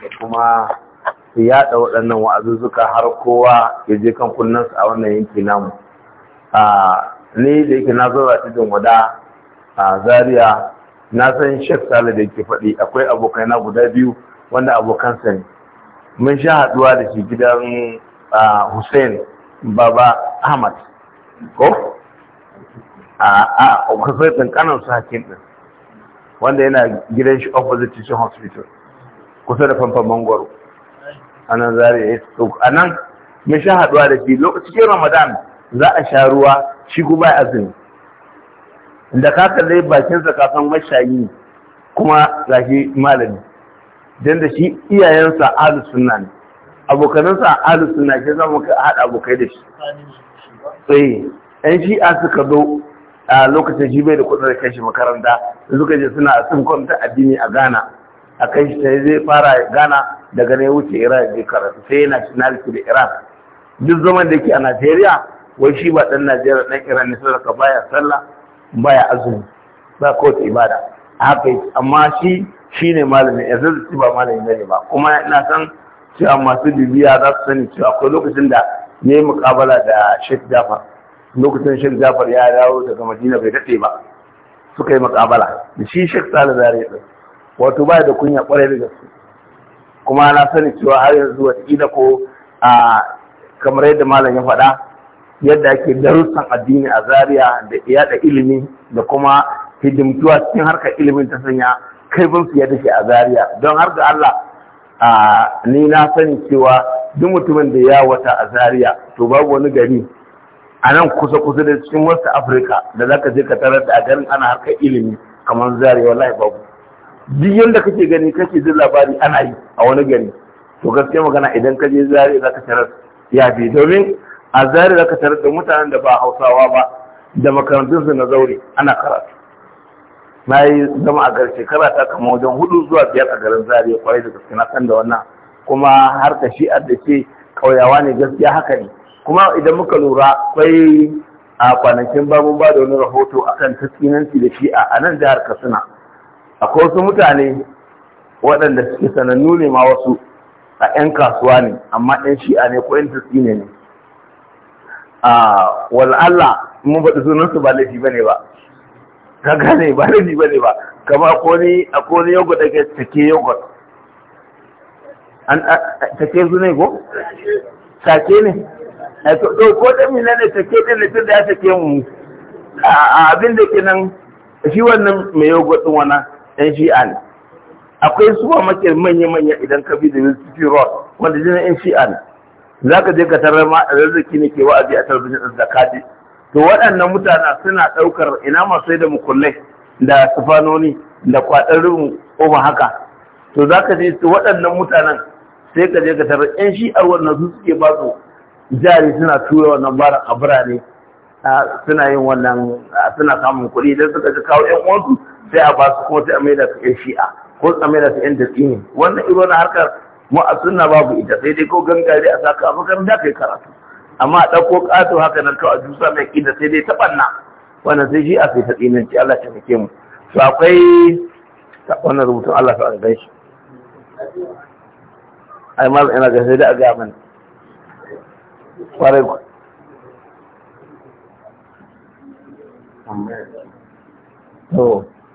da kuma su yada waɗannan wa'azuzzuka har kowa ya je kan kunnansu a wannan yanki namu ni da yake na zaura cikin wada a zaria na san shek sale da yake faɗi akwai abokai na guda biyu wanda abokansa ne mun sha haɗuwa da shi gidan hussein baba ahmad ko a kusurin kanan su hakim ɗin wanda yana gidan shi opposite hospital kusa da famfan mangoro a nan zari ya tsoko a nan mun sha haɗuwa da shi cikin ramadan za a sha ruwa shi kuma ya azumi da ka kalle bakinsa kafin mashayi kuma gashi malami don da shi iyayensa alu sunna ne abokanansa alu sunna shi zama ka haɗa abokai da shi tsaye eh, yan a suka zo a lokacin shi bai da kudin da kai shi makaranta suka je suna sun ta addini a ghana a kai shi sai zai fara gana daga ne wuce iran ya je karatu sai yana nationality da iran duk zaman da yake a najeriya wai shi ba dan najeriya dan iran ne sadaka baya sallah baya azumi ba ta ibada haka amma shi shi ne malami yanzu shi ba malami ne ba kuma ina san cewa masu bibiya za su sani cewa akwai lokacin da ya yi mukabala da Sheikh Jafar lokacin Sheikh Jafar ya dawo daga Madina bai daɗe ba suka yi mukabala da shi Sheikh Salih Zare wato ba da kunya kwarai da gaske kuma na sani cewa har yanzu wata ila ko a kamar yadda malam ya faɗa yadda ake darussan addini a zaria da yaɗa ilimi da kuma hidimtuwa cikin harkar ilimin ta sanya kaifin su ya tafi a zaria don har ga Allah a ni na sani cewa duk mutumin da ya wata a zaria to babu wani gari a nan kusa-kusa da cikin wasu afirka da zaka je ka tarar da a garin ana harkar ilimi kamar zaria wallahi babu duk yadda kake gani kake jin labari ana yi a wani gari to gaskiya magana idan ka je zare za tarar ya fi domin a zare za tarar da mutanen da ba hausawa ba da makarantun su na zaure ana karatu na yi zama a gar shekara ta kama wajen hudu zuwa biyar a garin zare kwarai da gaske na san da wannan kuma har ka shi da ce kauyawa ne gaskiya haka ne kuma idan muka lura kwai a kwanakin babun ba da wani rahoto akan tatsinanci da shi'a a nan jihar katsina akwai wasu mutane waɗanda suke sanannu ne ma wasu a 'yan kasuwa ne amma 'yan shi'a ne ko 'yan tafi ne a wal'alla mun faɗi su ba laifi ba ne ba ka gane ba laifi ba ne ba kama ni a koni yogurt da ke take yogurt an take su ne ko take ne to ko da mina ne take din ne tun da ya take mu abin da ke nan shi wannan mai yogurt din wannan yan akwai su ba manya-manya idan ka bi da university road wanda jina yan shi'a za ka je ka tarar ma arziki ne ke wa'azi a talabijin ɗin da kaji to waɗannan mutane suna ɗaukar ina masu da mukullai da sufanoni da kwaɗar rubin ƙofa haka to za ka je su waɗannan mutanen sai ka je ka tarar yan shi'ar wannan su suke ba su jari suna tura wannan baran a birane suna yin wannan suna samun kuɗi idan suka ji kawo yan uwansu sai a ba su kuma sai a da su yan shi'a ko a da su yan tasini wannan irin harkar mu a sunna babu ita sai dai ko gangare a saka abokan da kai karatu amma a ɗauko ƙato haka nan kawai a dusa mai ƙida sai dai ta ɓanna wannan sai shi'a sai ta tsinanci Allah ta muke mu to akwai wannan rubutun Allah ta ga shi ai ma ina ga sai da a ga mun kwarai ku to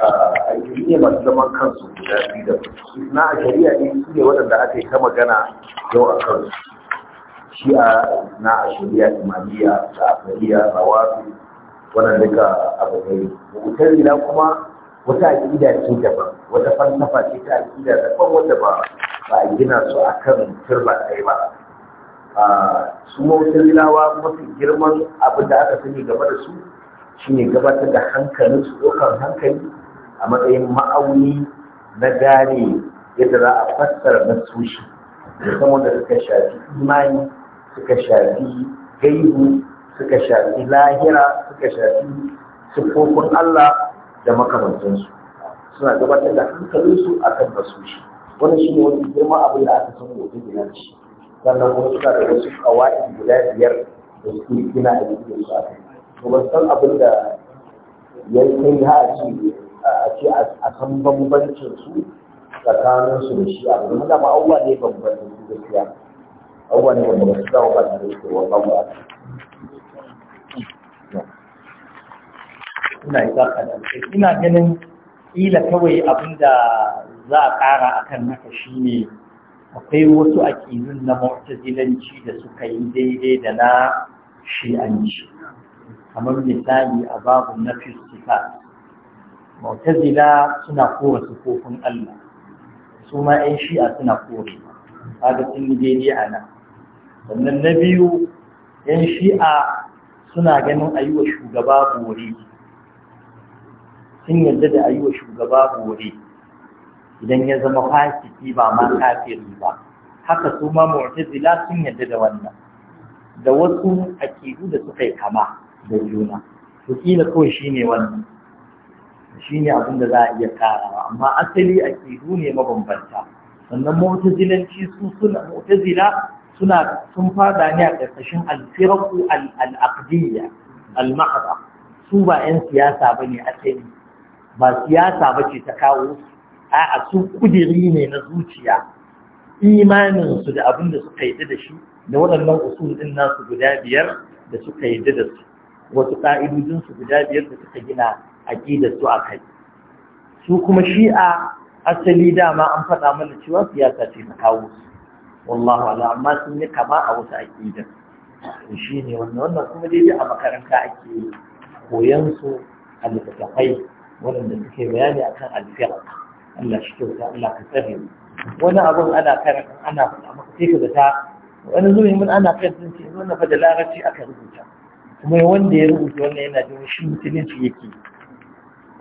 a iya masu zaman kansu guda biyu da na a shari'a ne su ne waɗanda aka yi ta magana yau a kansu shi'a na a shari'a imaniya da afariya rawafi wannan duka abu ne mutarila kuma wata aƙida ce daban wata fantafa ce ta aƙida daban wanda ba a gina su a kan turba kai ba su mutarilawa mafi girman abin da aka sani game da su shine gabatar da hankalin su ɗaukar hankali a matsayin ma'auni na gane yadda za a fassara nasoshi musamman da suka shafi imani suka shafi gaibu suka shafi lahira suka shafi siffofin Allah da makamantansu suna gabatar da hankalinsu a kan nasoshi wani shi ne wani girma abin da aka san wajen gina shi sannan kuma suna da wasu kawai guda biyar da suke gina a jikin su a kan. Kuma san abin da ya kai ha a cikin a ce a san bambancin su tsakanin su da shi a wani da ma abubuwa ne bambancin su gaskiya abubuwa ne bambancin su da wani da yake wannan ba ina yi zaka da ina ganin ila kawai abin da za a ƙara akan haka ne. akwai wasu aƙidun na mu'tazilanci da suka yi daidai da na shi'anci kamar misali a babu na fistika Mautazila suna kora sufofin Allah su ma shi'a suna kore kaga sun yi a nan sannan na biyu 'yan shi'a suna ganin a yi wa shugaba sun yadda da a shugaba idan ya zama fasiki ba ma kafiri ba haka su ma sun yarda da wannan da wasu akidu da suka yi kama da juna to kila kawai shine wannan shine abin da za a iya karawa amma asali aqidu ne mabambanta sannan mu'tazilanci su suna mu'tazila suna sun fada ne a ƙarƙashin al-firqu al-aqdiyya al su ba 'yan siyasa bane asali ba siyasa bace ta kawo su a'a su kudiri ne na zuciya imanin su da abin da suka yi da shi da waɗannan usul din nasu guda biyar da suka yi da su wasu ka'idojin su guda biyar da suka gina aƙidar su a kai su kuma shi'a asali dama an faɗa mana cewa siyasa ce ta kawo su wallahu ala amma sun yi kama a wasu aƙidar to shi ne wannan wannan kuma dai a makaranta ake koyan su a littattafai waɗanda suke bayani akan alfiya Allah shi kyauta Allah ka tsare mu wani abun ana karanta ana faɗa maka sai ka ta wani zuwa mun ana karanta ce wannan fa da larabci aka rubuta kuma wanda ya rubuta wannan yana jin shi mutunci yake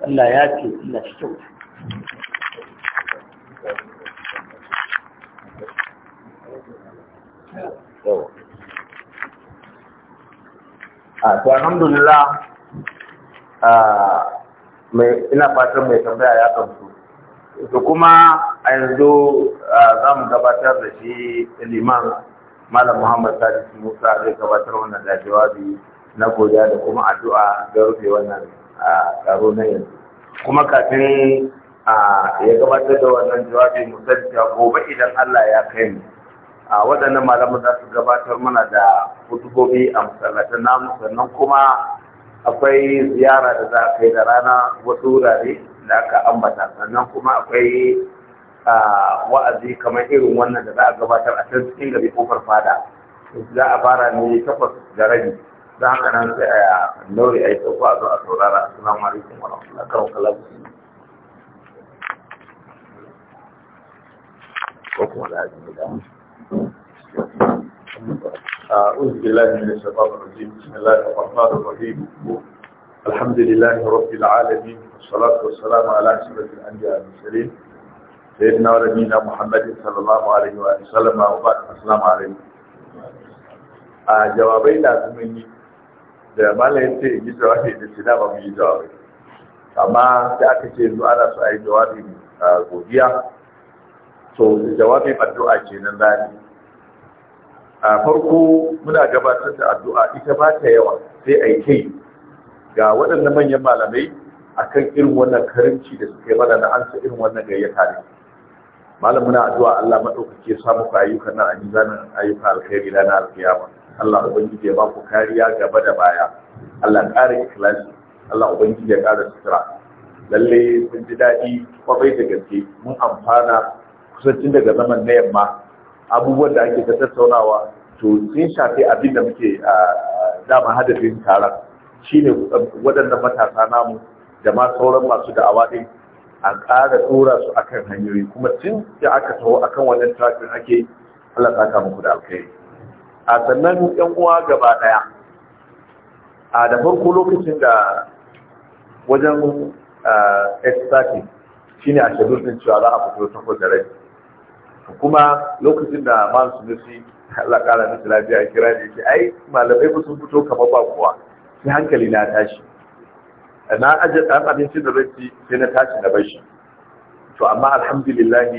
Allah ya ce ina shi kyau to alhamdulillah ina fatan mai tambaya ya gamsu to kuma a yanzu za mu gabatar da shi liman malam muhammad salisu musa zai gabatar wannan dajewa jawabi na godiya da kuma addu'a ga rufe wannan a tsaro na yanzu kuma kafin a ya gabatar da wannan jawabi musamman gobe idan Allah ya kai mu a waɗannan malamu za su gabatar mana da hutubobi a masallatan namu sannan kuma akwai ziyara da za a kai da rana wasu wurare da aka ambata sannan kuma akwai wa'azi kamar irin wannan da za a gabatar a can cikin gari kofar fada za a fara ne takwas da rabi don haka نوري أي a daure a yi sauko a الله a saurara assalamu alaikum أعوذ بالله من الشيطان الرجيم بسم الله الرحمن الرحيم الحمد لله رب العالمين والصلاة والسلام على أشرف الأنبياء والمرسلين سيدنا ونبينا محمد صلى الله عليه وآله وسلم وبعد السلام عليكم جوابي لازمني da malam ya ce yi jawabi da shi na ba mu yi jawabi amma da aka ce yanzu ana su a yi jawabi godiya to jawabin addu'a kenan zani a farko muna gabatar da addu'a ita ba ta yawa sai a yi kai ga waɗannan manyan malamai akan irin wannan karimci da suka yi mana na sa irin wannan gayyata ne malam muna addu'a Allah maɗaukaki ya samu ayyukan nan a mizanin ayyukan alkhairi na alkiyama Allah ubangiji ya ba kariya gaba da baya Allah ƙara ikhlasi Allah ubangiji ya ƙara sutura lalle sun ji daɗi kwabai da gaske mun amfana kusancin daga zaman na yamma abubuwan da ake ta tattaunawa to sun shafi abin da muke dama hadafin taron shine um, waɗannan matasa namu da ma sauran masu da ɗin a ƙara ɗora su akan hanyoyi kuma tun da aka taho akan wannan trafin ake Allah ta kama ku da alkhairi a sannan yan uwa gaba daya a da farko lokacin da wajen shi shine a shedul cewa za a fito takwas da rai kuma lokacin da man su nufi Allah na lafiya kira ne, ke ai malamai ba sun fito kamar ba kowa sai hankali na tashi na aje da abincin da rai sai na tashi na bashi shi to amma alhamdulillah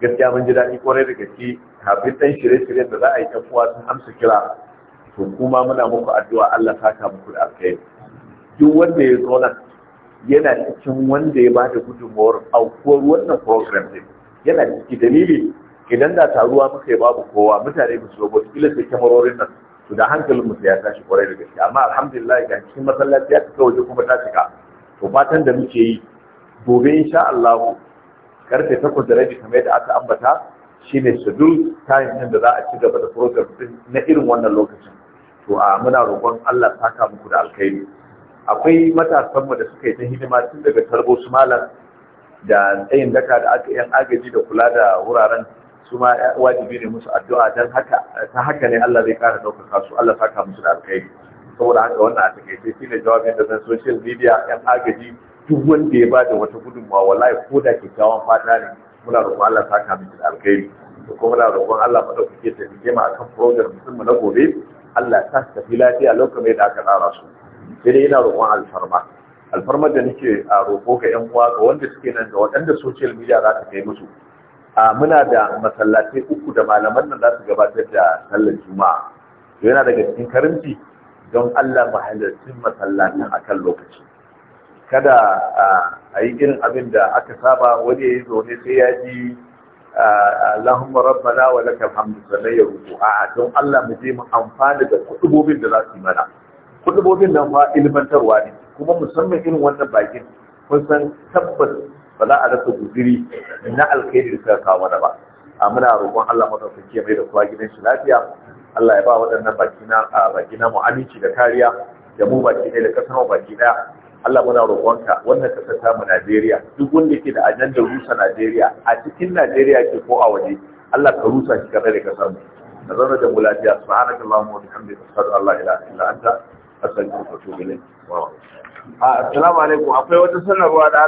gaskiya mun ji daɗi kwarai da gaske kafin ɗan shirye-shiryen da za a yi ta sun amsa kira to kuma muna muku addu'a Allah saka muku da alkhairi duk wanda ya zo nan yana cikin wanda ya bada gudunmawar aukuwar wannan program din yana ciki dalili idan da taruwa muka yi babu kowa mutane ba su zo wasu kila sai kyamarorin nan to da hankalin mu ya tashi kwarai da gaske amma alhamdulillah ga cikin masallaci ya cika waje kuma ta shiga. to fatan da muke yi gobe insha Allah karfe takwas da rabi kamar yadda aka ambata Shi shine schedule time ɗin da za a ci gaba da program din na irin wannan lokacin to a muna roƙon Allah saka muku da alkhairi akwai matasanmu da suka yi ta hidima tun daga tarbo su malam da tsayin daka da aka yan agaji da kula da wuraren su ma wajibi ne musu addu'a dan haka ta haka ne Allah zai kara ɗaukaka su Allah saka musu da alkhairi saboda haka wannan a takaice ne jawabin da zan social media yan agaji duk wanda ya ba da wata gudunmawa wallahi ko da kyakkyawan fata ne muna roƙon Allah ta ka miki alkhairi da kuma muna roƙon Allah fa dauke ta dike ma akan program mu na gobe Allah ta tafi lafiya lokacin da aka tsara su sai dai ina roƙon alfarma alfarma da nake a roƙo ga 'yan uwa ga wanda suke nan ga waɗanda social media za ta kai musu a muna da masallatai uku da malaman nan za su gabatar da sallar juma'a to yana daga cikin karimci don Allah mu halarci masallatan akan lokaci kada a yi irin abin da aka saba wani ya yi zaune sai ya ji ah, ah, Allahumma rabbana wa lakal hamdu sannan ya ruku a don Allah mu je mu amfani da kudubobin da za su yi mana kudubobin nan fa ilmantarwa ne kuma musamman irin wannan bakin kun san tabbas ba za a rasa guziri na alkhairi da suka kawo mana ba a muna roƙon Allah madaukaki ya mai da kowa gidan shi lafiya Allah ya ba waɗannan baki na ah, baki na mu aminci da kariya da mu baki ne da kasar mu baki ɗaya Allah muna roƙonka wannan ƙasar ta mu Najeriya duk wanda ke da ajanda rusa Najeriya a cikin Najeriya ke ko a waje Allah ka rusa shi kada da kasar mu na zauna da mu subhanaka allahumma wa bihamdika illa anta wa ilayk ah, assalamu alaikum akwai wata sanarwa da